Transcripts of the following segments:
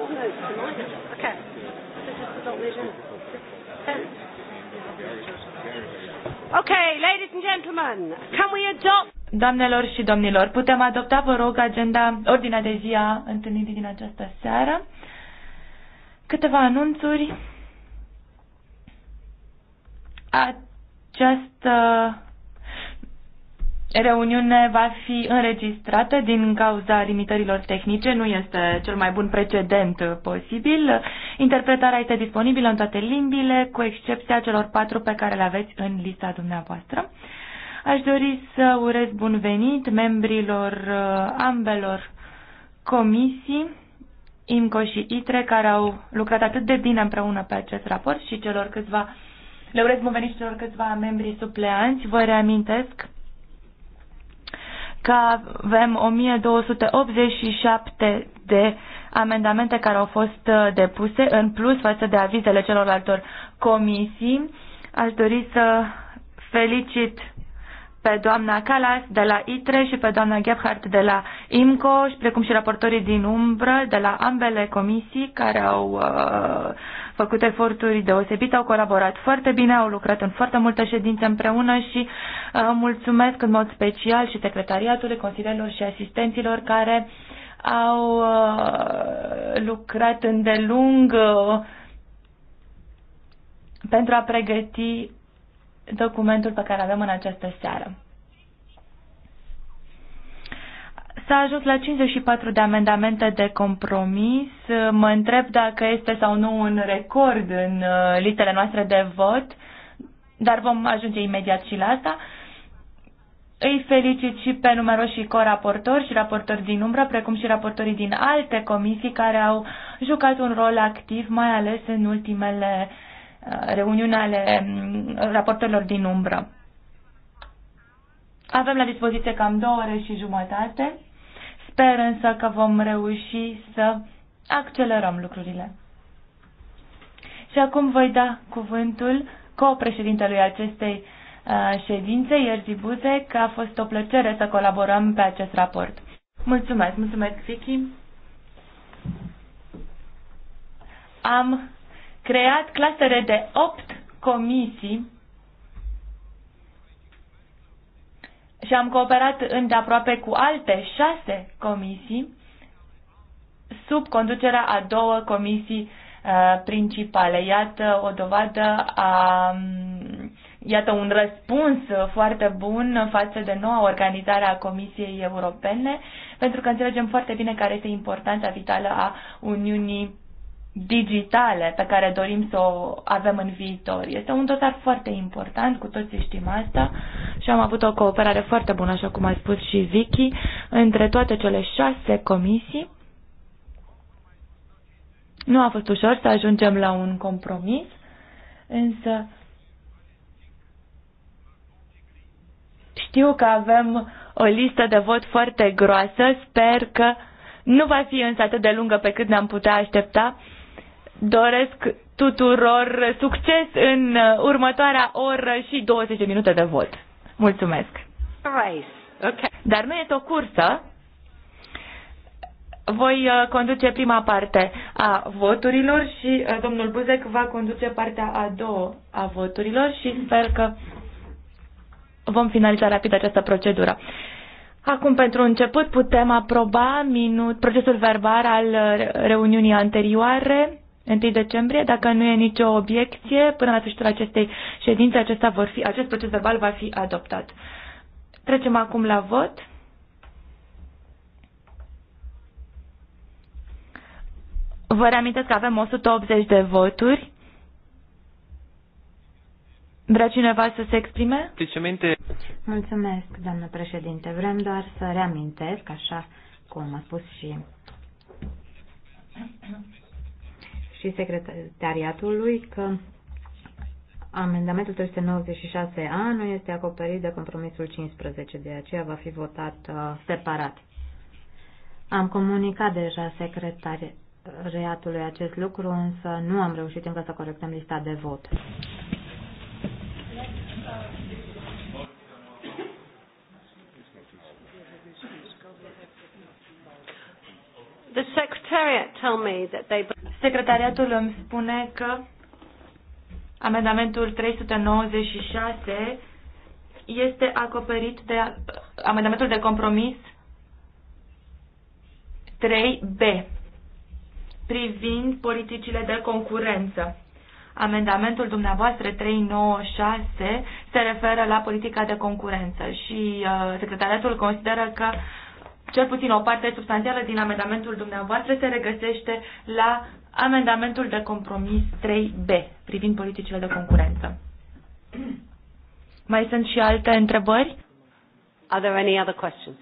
Okay. Okay, ladies and gentlemen, can we adopt... Doamnelor și domnilor, putem adopta, vă rog, agenda, ordinea de zi a întâlnirii din această seară. Câteva anunțuri. Această reuniune va fi înregistrată din cauza limitărilor tehnice, nu este cel mai bun precedent posibil. Interpretarea este disponibilă în toate limbile, cu excepția celor patru pe care le aveți în lista dumneavoastră. Aș dori să urez bun venit membrilor uh, ambelor comisii, IMCO și ITRE, care au lucrat atât de bine împreună pe acest raport și celor câțiva, le urez bun venit și celor câțiva membri supleanți. Vă reamintesc că avem 1287 de amendamente care au fost uh, depuse în plus față de avizele celorlaltor comisii. Aș dori să felicit pe doamna Calas de la ITRE și pe doamna Gebhardt de la IMCO, și precum și raportorii din umbră de la ambele comisii care au uh, făcut eforturi deosebite, au colaborat foarte bine, au lucrat în foarte multe ședințe împreună și uh, mulțumesc în mod special și secretariatului, consilierilor și asistenților care au uh, lucrat îndelung uh, pentru a pregăti documentul pe care avem în această seară. S-a ajuns la 54 de amendamente de compromis. Mă întreb dacă este sau nu un record în uh, listele noastre de vot, dar vom ajunge imediat și la asta. Îi felicit și pe numeroșii coraportori și raportori din umbră, precum și raportorii din alte comisii care au jucat un rol activ, mai ales în ultimele uh, reuniuni ale mm, raportorilor din umbră. Avem la dispoziție cam două ore și jumătate. Sper însă că vom reuși să accelerăm lucrurile. Și acum voi da cuvântul co-președintelui acestei uh, ședințe, Ierzi Buze, că a fost o plăcere să colaborăm pe acest raport. Mulțumesc, mulțumesc, Vicky. Am creat clasere de 8 comisii și deci am cooperat îndeaproape cu alte șase comisii sub conducerea a două comisii uh, principale. Iată o dovadă a iată un răspuns foarte bun față de noua organizare a Comisiei Europene, pentru că înțelegem foarte bine care este importanța vitală a Uniunii digitale pe care dorim să o avem în viitor. Este un dosar foarte important, cu toții știm asta și am avut o cooperare foarte bună, așa cum a spus și Vicky, între toate cele șase comisii. Nu a fost ușor să ajungem la un compromis, însă știu că avem o listă de vot foarte groasă, sper că nu va fi însă atât de lungă pe cât ne-am putea aștepta doresc tuturor succes în uh, următoarea oră și 20 de minute de vot. Mulțumesc! Okay. Dar nu este o cursă. Voi uh, conduce prima parte a voturilor și uh, domnul Buzec va conduce partea a doua a voturilor și sper că vom finaliza rapid această procedură. Acum, pentru început, putem aproba minut, procesul verbal al reuniunii anterioare. 1 decembrie. Dacă nu e nicio obiecție, până la sfârșitul acestei ședințe, acesta vor fi, acest proces verbal va fi adoptat. Trecem acum la vot. Vă reamintesc că avem 180 de voturi. Vrea cineva să se exprime? Simplemente. Mulțumesc, doamnă președinte. Vrem doar să reamintesc, așa cum a spus și și secretariatului că amendamentul 396A nu este acoperit de compromisul 15, de aceea va fi votat uh, separat. Am comunicat deja secretariatului acest lucru, însă nu am reușit încă să corectăm lista de vot. The secretariat tell me that they... Secretariatul îmi spune că amendamentul 396 este acoperit de amendamentul de compromis 3B privind politicile de concurență. Amendamentul dumneavoastră 396 se referă la politica de concurență și uh, secretariatul consideră că cel puțin o parte substanțială din amendamentul dumneavoastră se regăsește la amendamentul de compromis 3B privind politicile de concurență. Mai sunt și alte întrebări? Are there any other questions?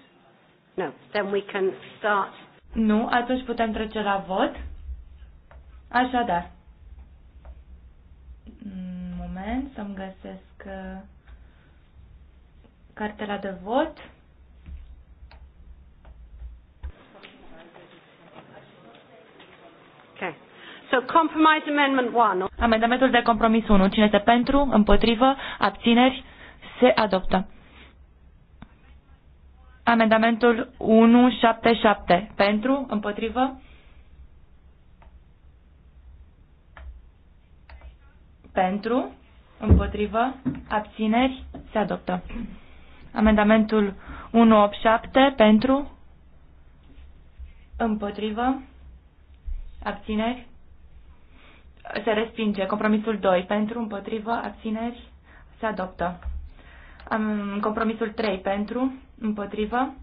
No. Then we can start. Nu, atunci putem trece la vot. Așadar. Moment, să-mi găsesc uh, cartela de vot. Okay. So compromise amendment Amendamentul de compromis 1. Cine este pentru, împotrivă, abțineri, se adoptă. Amendamentul 177. Pentru, împotrivă, pentru, împotrivă, abțineri, se adoptă. Amendamentul 187 pentru, împotrivă, abțineri, se respinge. Compromisul 2 pentru, împotrivă, abțineri, se adoptă. Am, compromisul 3 pentru, împotrivă,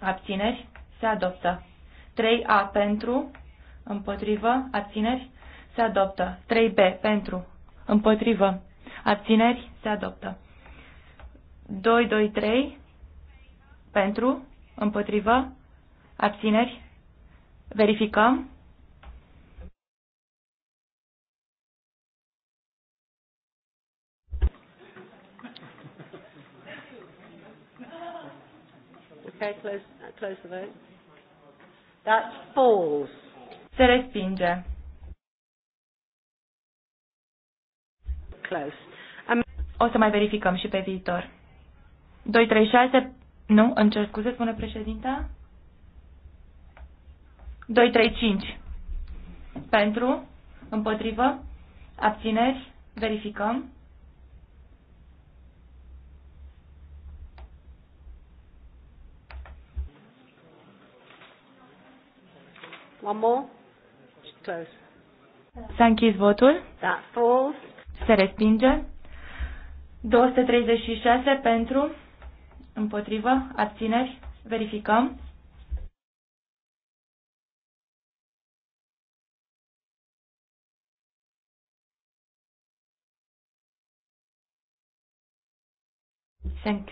abțineri, se adoptă. 3A pentru, împotrivă, abțineri, se adoptă. 3B pentru, împotrivă, abțineri, se adoptă. 2, 2, 3 pentru, împotrivă, abțineri, verificăm. Okay, close, close the vote. That falls. Se respinge. Close. Am... O să mai verificăm și pe viitor. 236, nu, îmi cer scuze, spune președinta. 235. Pentru, împotrivă, abțineri, verificăm. One more. Close. S-a închis votul. Da, false. Se respinge. 236 pentru, împotrivă, abțineri, verificăm.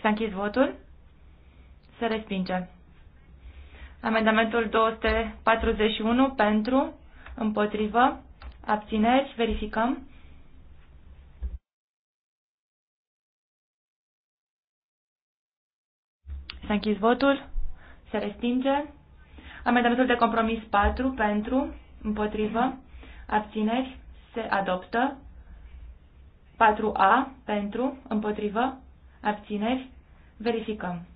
S-a închis votul. Se respinge. Amendamentul 241 pentru, împotrivă, abțineri, verificăm. S-a închis votul, se respinge. Amendamentul de compromis 4 pentru, împotrivă, abțineri, se adoptă. 4A pentru, împotrivă, abțineri, verificăm.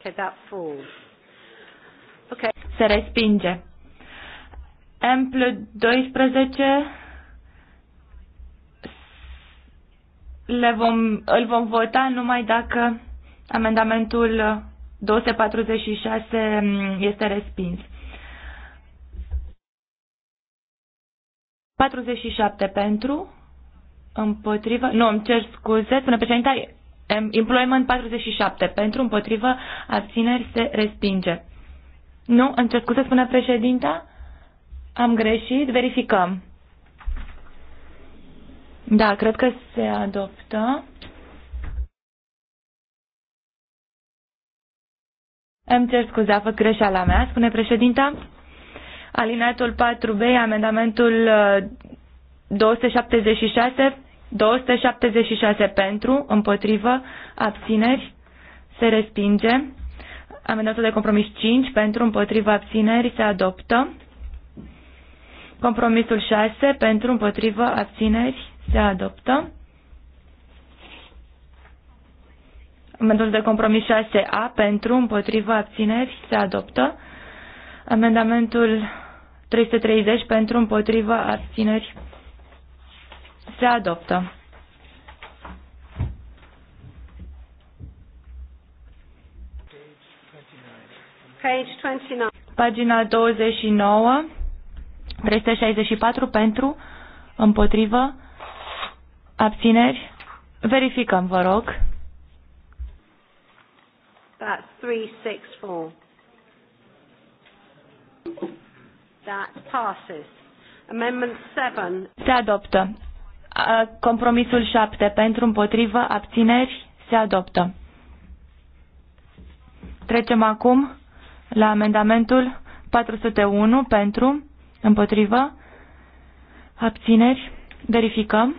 Okay, that falls. Okay. Se respinge. plus 12 le vom, îl vom vota numai dacă amendamentul 246 mm, este respins. 47 pentru, împotrivă, nu, îmi cer scuze, spune președinte, Employment 47. Pentru, împotrivă, abțineri se respinge. Nu, În ce scuze, spune președinta. Am greșit, verificăm. Da, cred că se adoptă. Îmi cer scuze, a fost greșeala mea, spune președinta. Alineatul 4B, amendamentul 276 uh, 276 pentru, împotrivă, abțineri, se respinge. Amendamentul de compromis 5 pentru, împotrivă, abțineri, se adoptă. Compromisul 6 pentru, împotrivă, abțineri, se adoptă. Amendamentul de compromis 6A pentru, împotrivă, abțineri, se adoptă. Amendamentul 330 pentru, împotrivă, abțineri, se adoptă. Page 29. Pagina 29. 364 pentru, împotrivă, abțineri. Verificăm, vă rog. That's 364. That passes. Amendment 7. Se adoptă. Compromisul 7 pentru împotrivă abțineri se adoptă. Trecem acum la amendamentul 401 pentru împotrivă abțineri. Verificăm.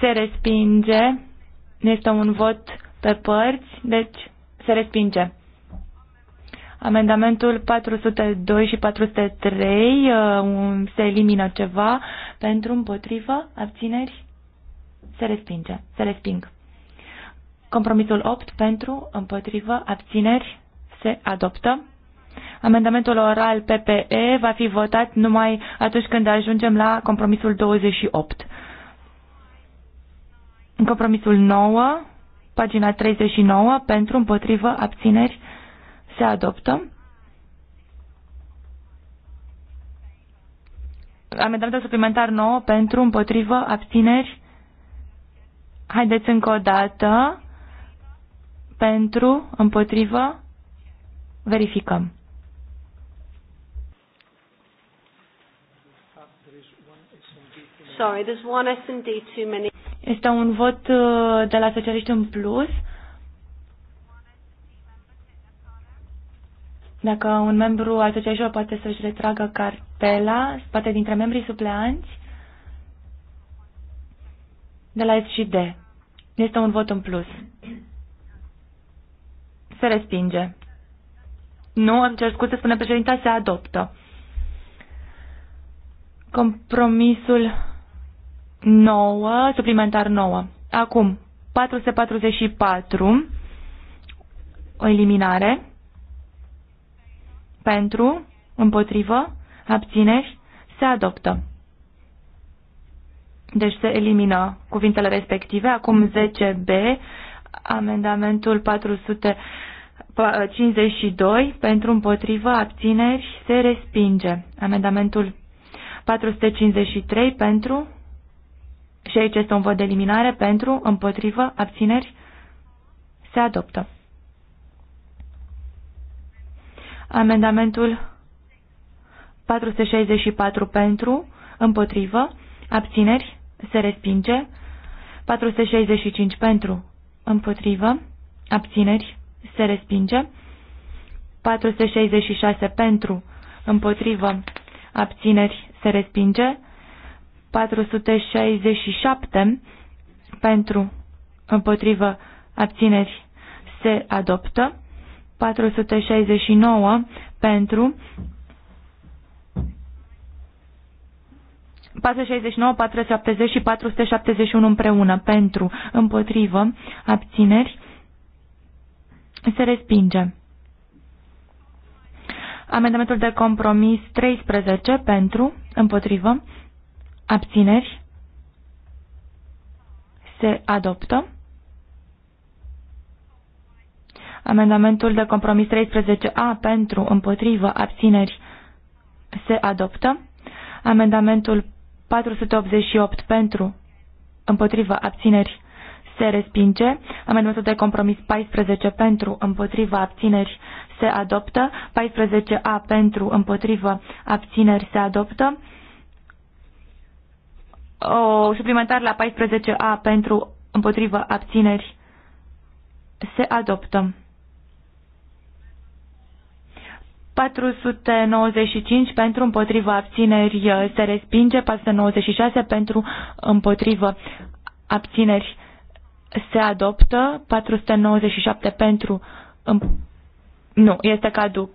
Se respinge. Este un vot pe părți, deci se respinge. Amendamentul 402 și 403 uh, se elimină ceva pentru împotrivă, abțineri, se respinge, se resping. Compromisul 8 pentru împotrivă, abțineri, se adoptă. Amendamentul oral PPE va fi votat numai atunci când ajungem la compromisul 28. Compromisul 9, pagina 39, pentru împotrivă abțineri se adoptă. Amendamentul suplimentar 9 pentru, împotrivă, abțineri. Haideți încă o dată. Pentru, împotrivă, verificăm. Sorry, there's one S&D too many. Este un vot uh, de la socialiști în plus. Dacă un membru al asociațiilor poate să-și retragă cartela, poate dintre membrii supleanți, de la S și D. Este un vot în plus. Se respinge. Nu, am cer scuze, spune președinta, se adoptă. Compromisul 9, suplimentar 9. Acum, 444, o eliminare pentru, împotrivă, abțineri, se adoptă. Deci se elimină cuvintele respective. Acum 10b, amendamentul 452, pentru împotrivă, abțineri, se respinge. Amendamentul 453 pentru, și aici este un vot de eliminare, pentru, împotrivă, abțineri, se adoptă. Amendamentul 464 pentru, împotrivă, abțineri, se respinge. 465 pentru, împotrivă, abțineri, se respinge. 466 pentru, împotrivă, abțineri, se respinge. 467 pentru, împotrivă, abțineri, se adoptă. 469 pentru 469, 470 și 471 împreună pentru, împotrivă, abțineri, se respinge. Amendamentul de compromis 13 pentru, împotrivă, abțineri, se adoptă. Amendamentul de compromis 13A pentru, împotrivă, abțineri se adoptă. Amendamentul 488 pentru, împotrivă, abțineri se respinge. Amendamentul de compromis 14 pentru, împotrivă, abțineri se adoptă. 14A pentru, împotrivă, abțineri se adoptă. O suplimentar la 14A pentru, împotrivă, abțineri se adoptă. 495 pentru împotriva abțineri uh, se respinge, 496 pentru împotriva abțineri se adoptă, 497 pentru împ- nu, este caduc.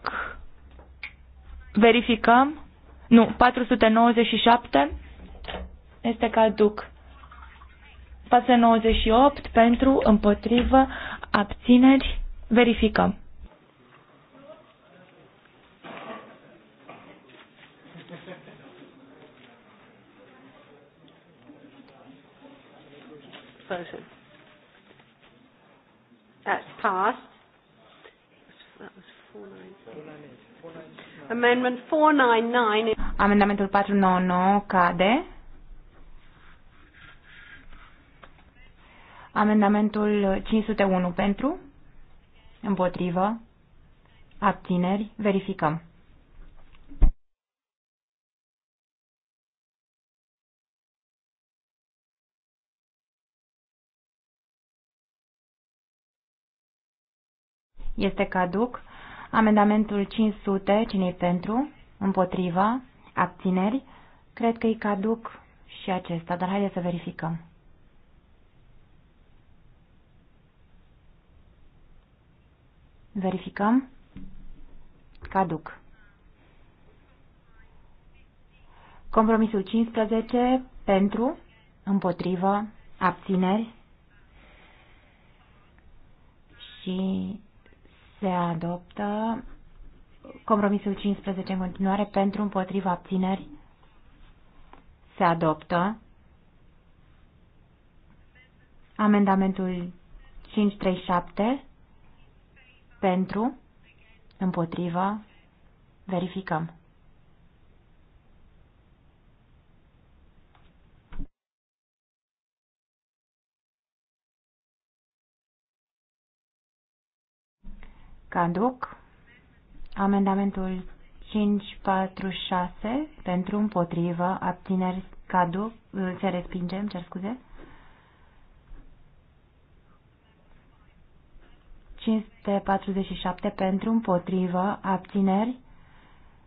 Verificăm. Nu, 497 este caduc. 498 pentru împotrivă abțineri. Verificăm. voted. That's passed. That was 499. Amendment 499. Amendamentul 499 cade. Amendamentul 501 pentru? Împotrivă? Abțineri? Verificăm. Este caduc. Amendamentul 500, cine pentru? Împotriva? Abțineri? Cred că e caduc și acesta, dar haideți să verificăm. Verificăm. Caduc. Compromisul 15 pentru, împotrivă, abțineri și se adoptă compromisul 15 în continuare pentru împotriva abțineri. Se adoptă amendamentul 537 pentru împotriva verificăm. Caduc. Amendamentul 546 pentru împotrivă, abțineri caduc, se respinge, cer scuze. 547 pentru împotrivă, abțineri,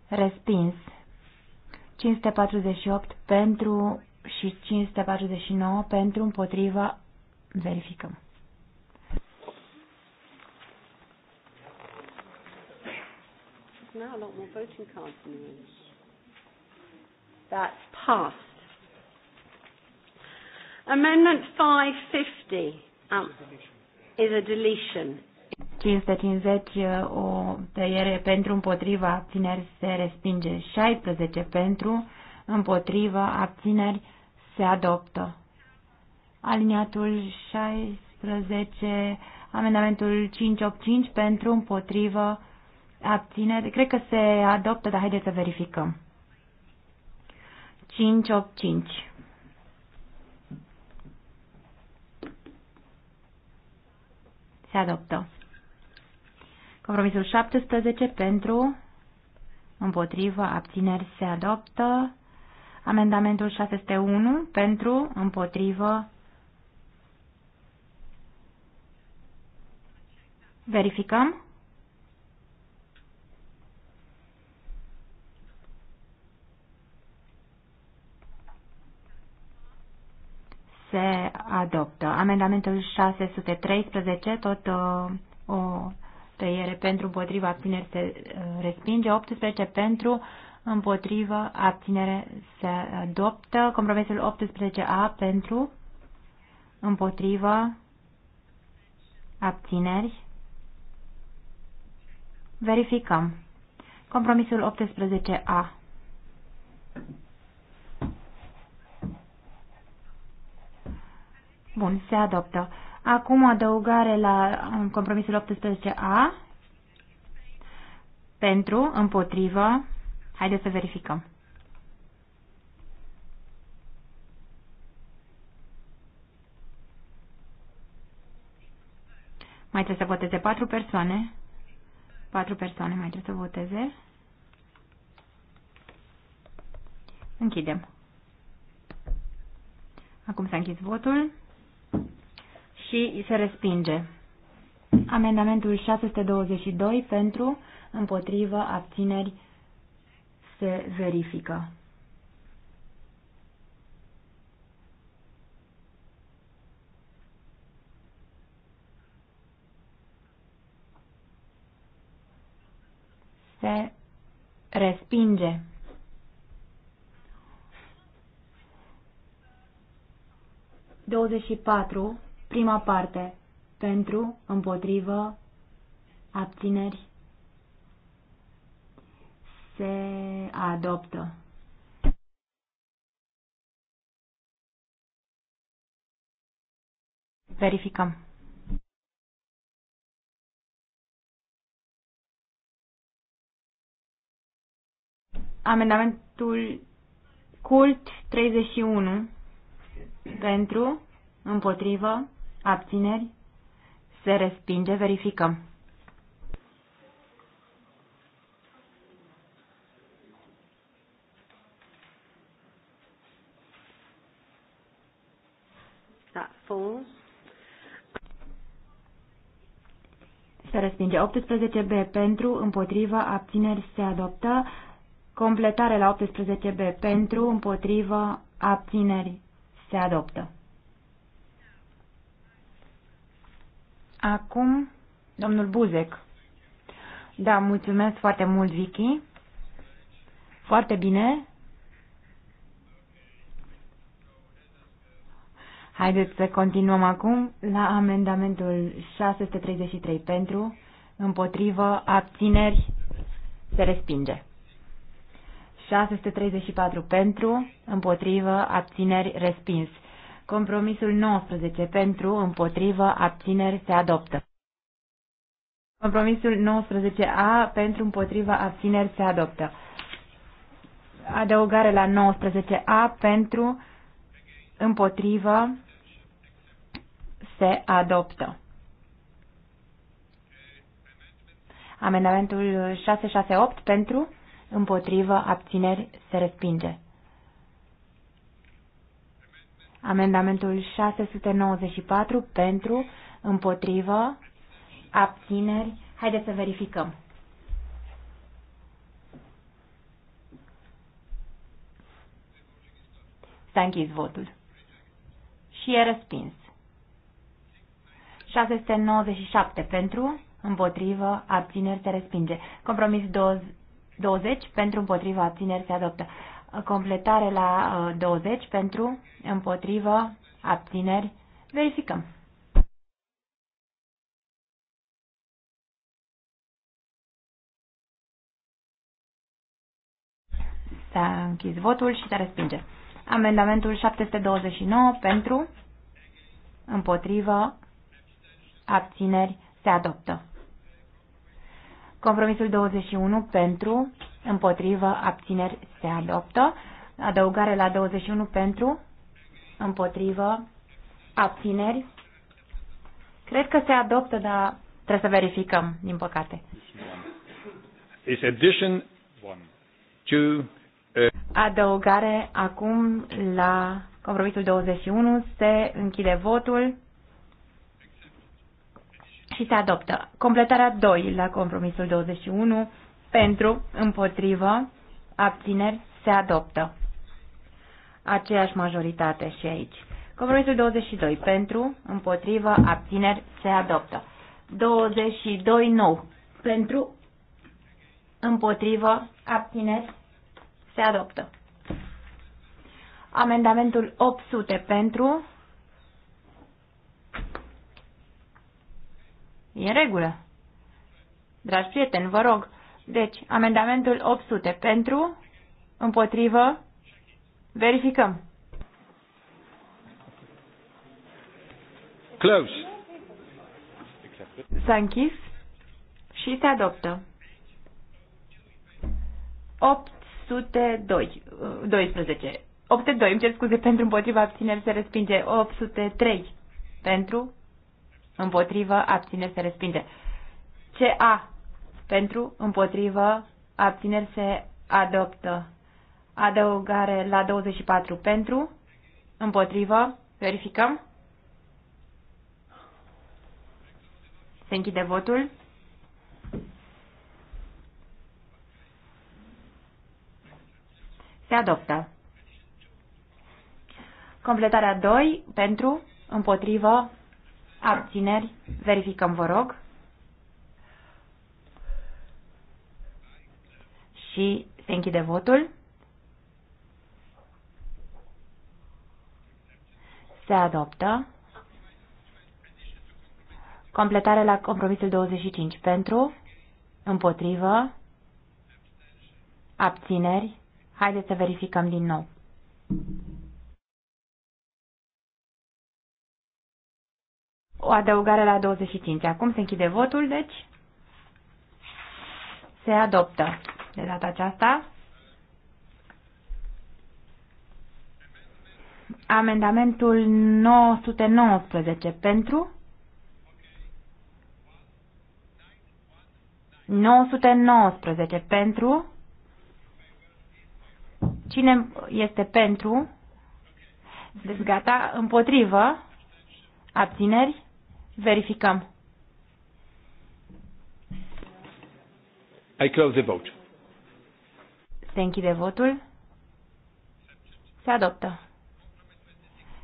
respins. 548 pentru și 549 pentru împotrivă, verificăm. now a lot more voting cards in the room. That's passed. Amendment 550 um, is a deletion. 550 uh, o tăiere pentru împotriva abțineri se respinge 16 pentru împotriva abțineri se adoptă. Aliniatul 16 amendamentul 585 pentru împotrivă Abțineri. Cred că se adoptă, dar haideți să verificăm. 5, 8, 5. Se adoptă. Compromisul 17 pentru, împotrivă, abțineri se adoptă. Amendamentul 601 pentru, împotrivă. Verificăm. se adoptă. Amendamentul 613, tot o, uh, o tăiere pentru, împotriva, abținere se uh, respinge. 18 pentru, împotriva abținere se adoptă. Compromisul 18A pentru, împotriva abțineri. Verificăm. Compromisul 18A. Bun, se adoptă. Acum adăugare la um, compromisul 18A. Pentru, împotrivă. Haideți să verificăm. Mai trebuie să voteze patru persoane. Patru persoane mai trebuie să voteze. Închidem. Acum s-a închis votul și se respinge. Amendamentul 622 pentru, împotrivă, abțineri se verifică. Se respinge. 24, prima parte, pentru, împotrivă, abțineri, se adoptă. Verificăm. Amendamentul cult 31 pentru, împotrivă, abțineri, se respinge, verificăm. Da, se respinge 18B pentru, împotrivă, abțineri se adoptă, completare la 18B pentru, împotrivă, abțineri se adoptă. Acum, domnul Buzec. Da, mulțumesc foarte mult, Vicky. Foarte bine. Haideți să continuăm acum la amendamentul 633 pentru, împotrivă, abțineri, se respinge. 634 pentru, împotrivă, abțineri, respins. Compromisul 19 pentru, împotrivă, abțineri, se adoptă. Compromisul 19A pentru, împotrivă, abțineri, se adoptă. Adăugare la 19A pentru, împotrivă, se adoptă. Amendamentul 668 pentru, împotrivă, abțineri, se respinge. Amendamentul 694 pentru, împotrivă, abțineri. Haideți să verificăm. S-a închis votul. Și e respins. 697 pentru, împotrivă, abțineri se respinge. Compromis 20, 20 pentru împotriva abțineri se adoptă. Completare la 20 uh, pentru împotriva abțineri. Verificăm. S-a închis votul și se respinge. Amendamentul 729 pentru, împotrivă, abțineri, se adoptă. Compromisul 21 pentru, împotrivă, abțineri se adoptă. Adăugare la 21 pentru, împotrivă, abțineri. Cred că se adoptă, dar trebuie să verificăm, din păcate. Is addition to, uh... Adăugare acum la compromisul 21. Se închide votul și se adoptă. Completarea 2 la compromisul 21 pentru, împotrivă, abțineri se adoptă. Aceeași majoritate și aici. Compromisul 22 pentru, împotrivă, abțineri se adoptă. 22 nou pentru, împotrivă, abțineri se adoptă. Amendamentul 800 pentru, E în regulă. Dragi prieteni, vă rog. Deci, amendamentul 800 pentru, împotrivă, verificăm. Close. S-a închis și se adoptă. 802, 12. 802, îmi cer scuze, pentru împotriva abțineri se respinge. 803 pentru, împotrivă, abțineri se respinge. CA pentru, împotrivă, abțineri se adoptă. Adăugare la 24 pentru, împotrivă, verificăm. Se închide votul. Se adoptă. Completarea 2 pentru, împotrivă, Abțineri. Verificăm, vă rog. Și se închide votul. Se adoptă. Completare la compromisul 25. Pentru, împotrivă, abțineri. Haideți să verificăm din nou. o adăugare la 25. Acum se închide votul, deci se adoptă de data aceasta. Amendamentul 919 pentru 919 pentru Cine este pentru? Deci gata, împotrivă, abțineri, Verificăm. I close the vote. Se închide votul. Se adoptă.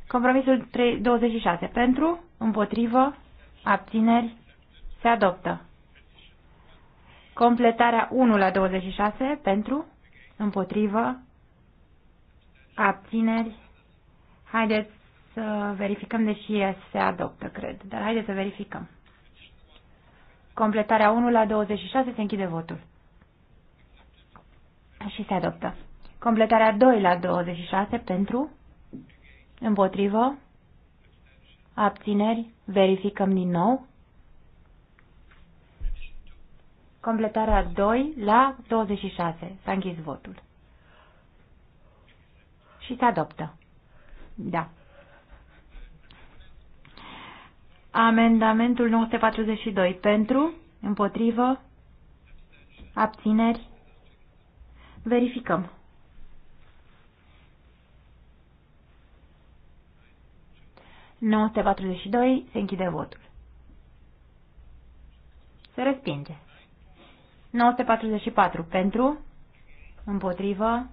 Compromisul 3, 26. Pentru, împotrivă, abțineri, se adoptă. Completarea 1 la 26. Pentru, împotrivă, abțineri. Haideți să verificăm, deși se adoptă, cred. Dar haideți să verificăm. Completarea 1 la 26 se închide votul. Și se adoptă. Completarea 2 la 26 pentru, împotrivă, abțineri, verificăm din nou. Completarea 2 la 26. S-a închis votul. Și se adoptă. Da. Amendamentul 942. Pentru? Împotrivă? Abțineri? Verificăm. doi se închide votul. Se respinge. 944 pentru, împotrivă,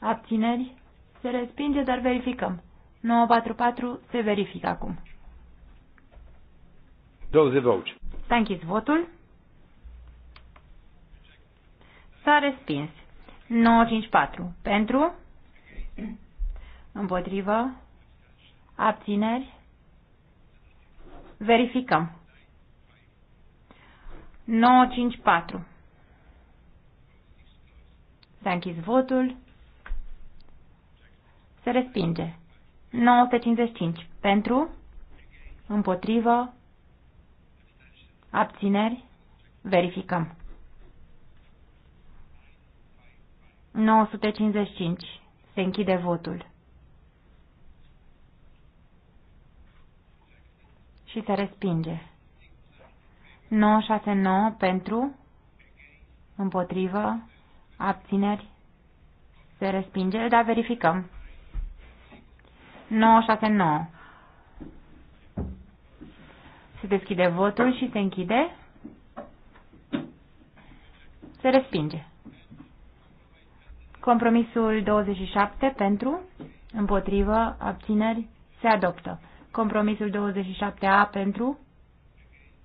abțineri, se respinge, dar verificăm. 944 se verifică acum. Close the vote. Thank you. votul. S-a respins. 954. Pentru? Împotrivă? Abțineri? Verificăm. 954. S-a închis votul. Se respinge. 955. Pentru? Împotrivă? Abțineri? Verificăm. 955. Se închide votul. Și se respinge. 969 pentru, împotrivă, abțineri, se respinge, dar verificăm. 969. Se deschide votul și se închide. Se respinge. Compromisul 27 pentru, împotrivă, abțineri, se adoptă. Compromisul 27A pentru,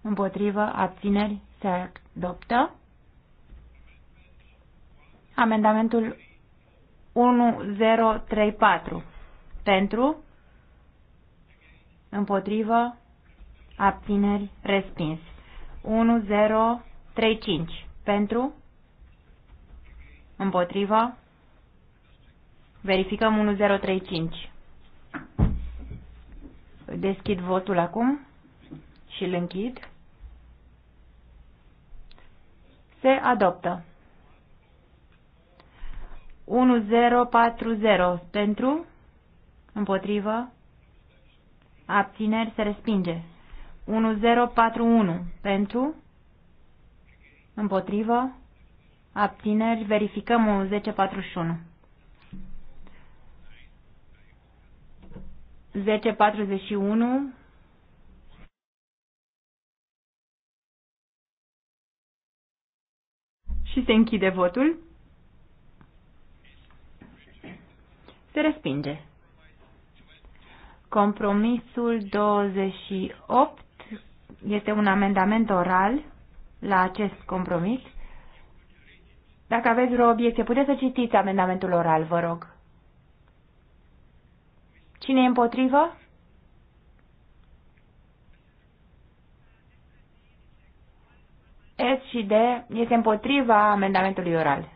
împotrivă, abțineri, se adoptă. Amendamentul 1034 pentru, împotrivă, abțineri, respins. 1035 pentru, împotriva, verificăm 1035. Deschid votul acum și îl închid. Se adoptă. 1040 pentru, împotrivă, abțineri se respinge. 1041 pentru, împotrivă, abțineri, verificăm 1041. 1041 și se închide votul. Se respinge. Compromisul 28 este un amendament oral la acest compromis. Dacă aveți vreo obiecție, puteți să citiți amendamentul oral, vă rog. Cine e împotrivă? S și D este împotriva amendamentului oral.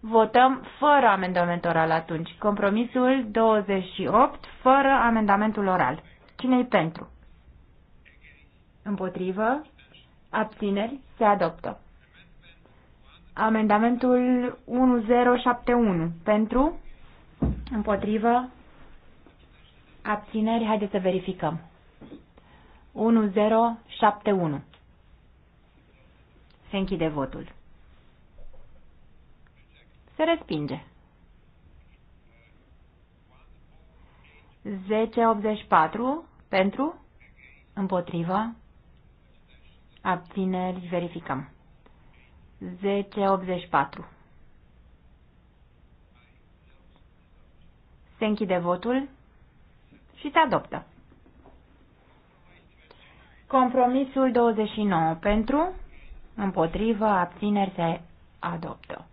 Votăm fără amendament oral atunci. Compromisul 28 fără amendamentul oral. Cine-i pentru? Împotrivă. Abțineri. Se adoptă. Amendamentul 1071. Pentru. Împotrivă. Abțineri. Haideți să verificăm. 1071. Se închide votul. Se respinge. 1084 pentru, împotriva, abțineri, verificăm. 1084. Se închide votul și se adoptă. Compromisul 29 pentru, împotrivă, abțineri se adoptă.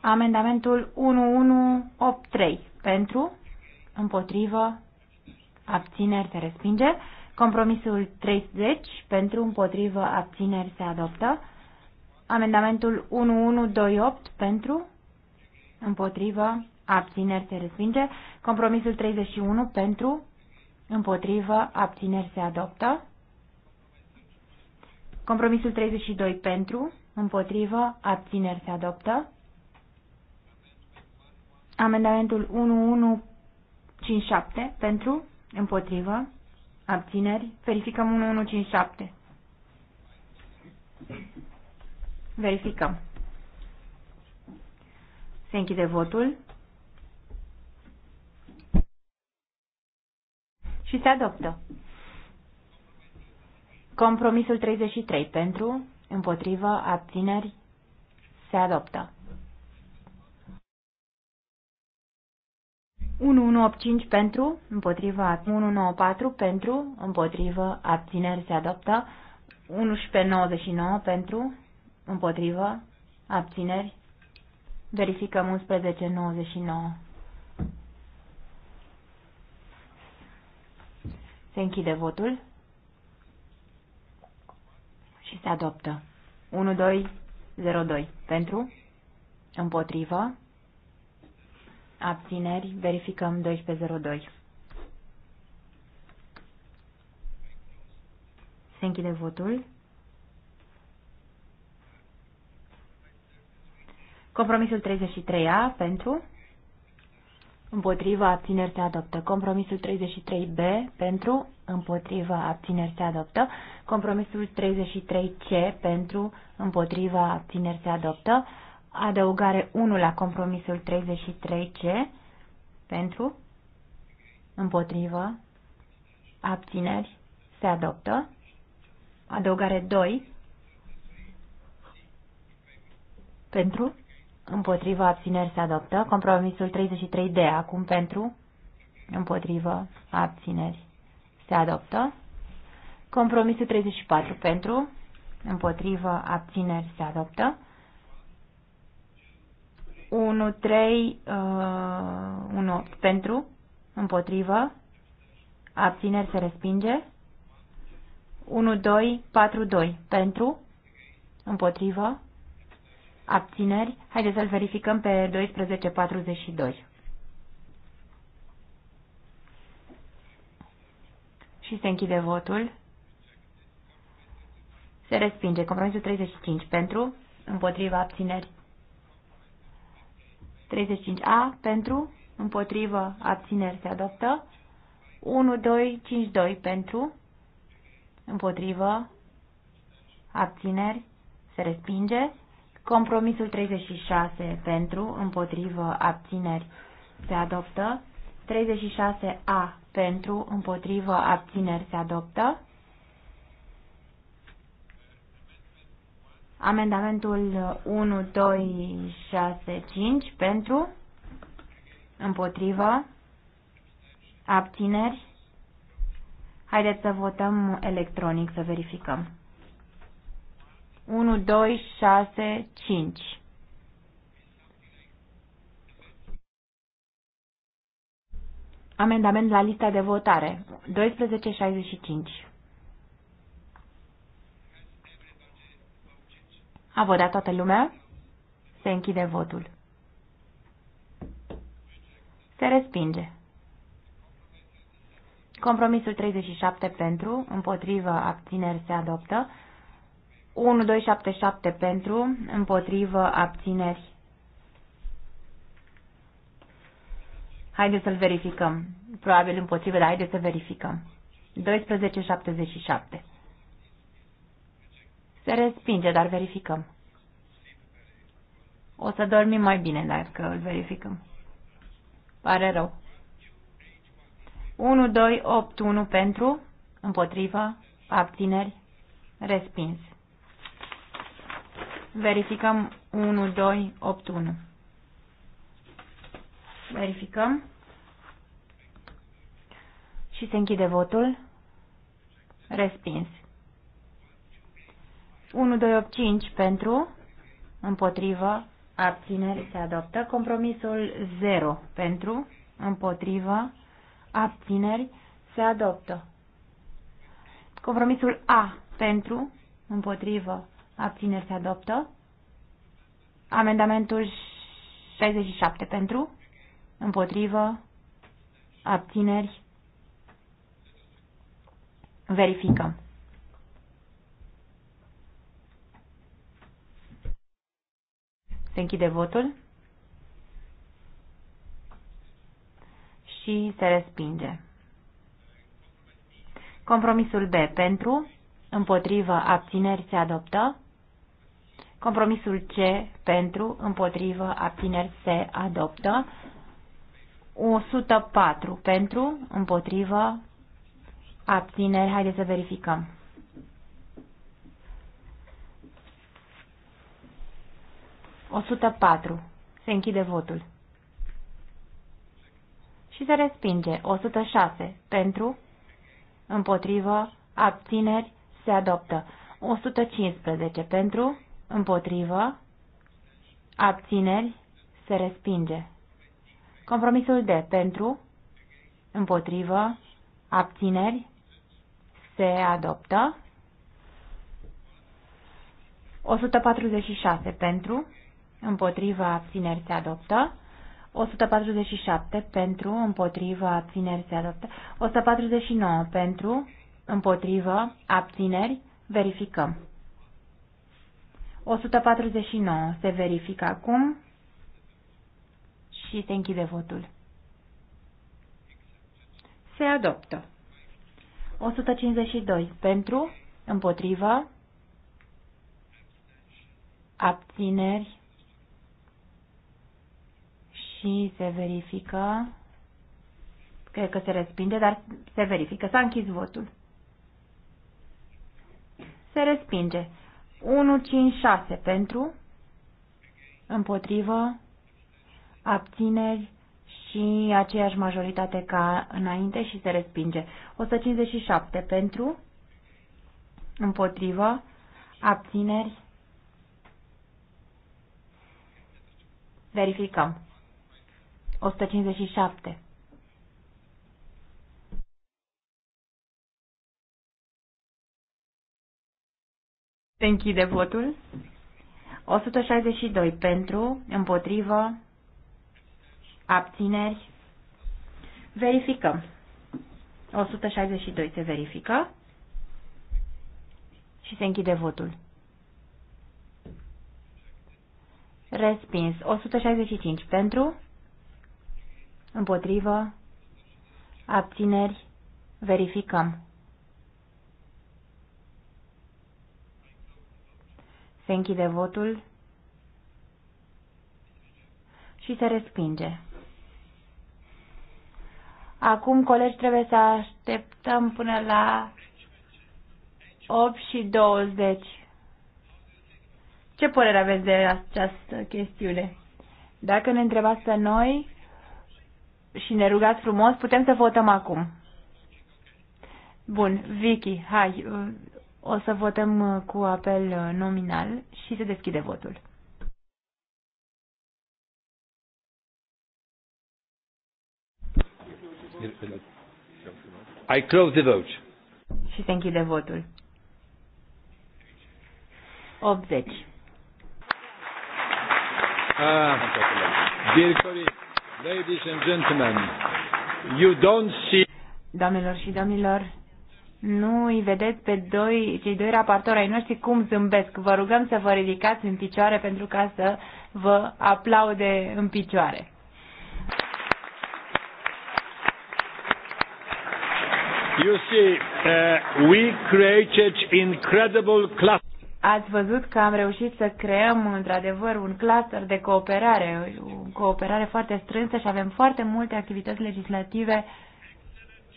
Amendamentul 1183 pentru, împotrivă, abțineri se respinge. Compromisul 30 pentru împotrivă abțineri se adoptă. Amendamentul 1128 pentru împotrivă abțineri se respinge. Compromisul 31 pentru împotrivă abțineri se adoptă. Compromisul 32 pentru împotrivă abțineri se adoptă. Amendamentul 1157 pentru împotrivă Abțineri? Verificăm 1157. Verificăm. Se închide votul. Și se adoptă. Compromisul 33 pentru, împotrivă, abțineri, se adoptă. 1185 pentru, împotriva, 194 pentru, împotrivă, abțineri se adoptă, 1199 pentru, împotrivă, abțineri, verificăm 1199. Se închide votul și se adoptă. 1202 pentru, împotrivă, abțineri, verificăm 1202. Se închide votul. Compromisul 33A pentru. Împotriva abțineri se adoptă. Compromisul 33B pentru. Împotriva abțineri se adoptă. Compromisul 33C pentru. Împotriva abțineri se adoptă. Adăugare 1 la compromisul 33C pentru, împotrivă, abțineri, se adoptă. Adăugare 2 pentru, împotrivă, abțineri, se adoptă. Compromisul 33D acum pentru, împotrivă, abțineri, se adoptă. Compromisul 34 pentru, împotrivă, abțineri, se adoptă. 1, 3, uh, 1, 8 pentru, împotrivă, abțineri se respinge, 1, 2, 4, 2 pentru, împotrivă, abțineri, haideți să-l verificăm pe 12, 42. Și se închide votul. Se respinge. Compromisul 35 pentru, împotriva abțineri 35A pentru, împotrivă, abțineri se adoptă. 1, 2, 5, 2 pentru, împotrivă, abțineri se respinge. Compromisul 36 pentru, împotrivă, abțineri se adoptă. 36A pentru, împotrivă, abțineri se adoptă. Amendamentul 1, 2, 6, 5 pentru, împotrivă, abțineri. Haideți să votăm electronic, să verificăm. 1, 2, 6, 5. Amendament la lista de votare. 1265. A votat toată lumea? Se închide votul. Se respinge. Compromisul 37 pentru, împotrivă, abțineri se adoptă. 1277 pentru, împotrivă, abțineri. Haideți să-l verificăm. Probabil împotrivă, dar haideți să verificăm. 1277. Se respinge, dar verificăm. O să dormim mai bine dacă îl verificăm. Pare rău. 1, 2, 8, 1 pentru, împotrivă, abțineri, respins. Verificăm 1, 2, 8, 1. Verificăm. Și se închide votul. Respins. 1, 2, 8, 5 pentru, împotrivă, abțineri se adoptă. Compromisul 0 pentru, împotrivă, abțineri se adoptă. Compromisul A pentru, împotrivă, abțineri se adoptă. Amendamentul 67 pentru, împotrivă, abțineri. Verificăm. Se închide votul. Și se respinge. Compromisul B pentru, împotrivă, abțineri se adoptă. Compromisul C pentru, împotrivă, abțineri se adoptă. 104 pentru, împotrivă, abțineri. Haideți să verificăm. 104. Se închide votul. Și se respinge. 106. Pentru, împotrivă, abțineri, se adoptă. 115. Pentru, împotrivă, abțineri, se respinge. Compromisul de Pentru, împotrivă, abțineri, se adoptă. 146 pentru, împotriva abțineri se adoptă. 147 pentru, împotriva abțineri se adoptă. 149 pentru, împotriva abțineri, verificăm. 149 se verifică acum și se închide votul. Se adoptă. 152 pentru, împotrivă, abțineri, și se verifică. Cred că se respinge, dar se verifică. S-a închis votul. Se respinge. 1, 5, 6 pentru, împotrivă, abțineri și aceeași majoritate ca înainte și se respinge. 157 pentru, împotrivă, abțineri, verificăm. 157. Se închide votul. 162 pentru, împotrivă, abțineri. Verificăm. 162 se verifică și se închide votul. Respins. 165 pentru, Împotrivă. Abțineri. Verificăm. Se închide votul și se respinge. Acum, colegi, trebuie să așteptăm până la 8 și 20. Deci, ce părere aveți de această chestiune? Dacă ne întrebați pe noi, și ne rugați frumos, putem să votăm acum. Bun, Vicky, hai, o să votăm uh, cu apel uh, nominal și se deschide votul. I close the vote. Și se închide votul. 80. Ah, bine, Ladies and gentlemen, you don't see... Doamnelor și domnilor, nu îi vedeți pe doi, cei doi raportori ai noștri cum zâmbesc. Vă rugăm să vă ridicați în picioare pentru ca să vă aplaude în picioare. You see, uh, we created incredible class ați văzut că am reușit să creăm într-adevăr un cluster de cooperare, o cooperare foarte strânsă și avem foarte multe activități legislative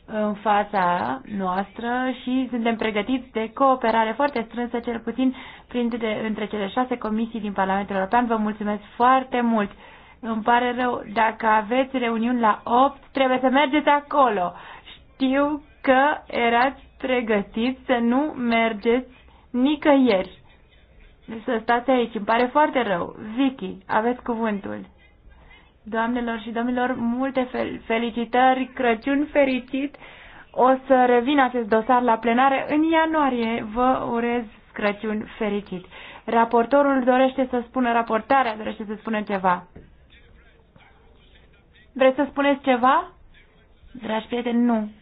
în fața noastră și suntem pregătiți de cooperare foarte strânsă, cel puțin printre, între cele șase comisii din Parlamentul European. Vă mulțumesc foarte mult! Îmi pare rău, dacă aveți reuniuni la 8, trebuie să mergeți acolo. Știu că erați pregătiți să nu mergeți Nicăieri. să stați aici. Îmi pare foarte rău. Vicky, aveți cuvântul. Doamnelor și domnilor, multe fel- felicitări, Crăciun fericit. O să revin acest dosar la plenare în ianuarie. Vă urez Crăciun fericit. Raportorul dorește să spună, raportarea dorește să spună ceva. Vreți să spuneți ceva? Dragi prieteni, nu.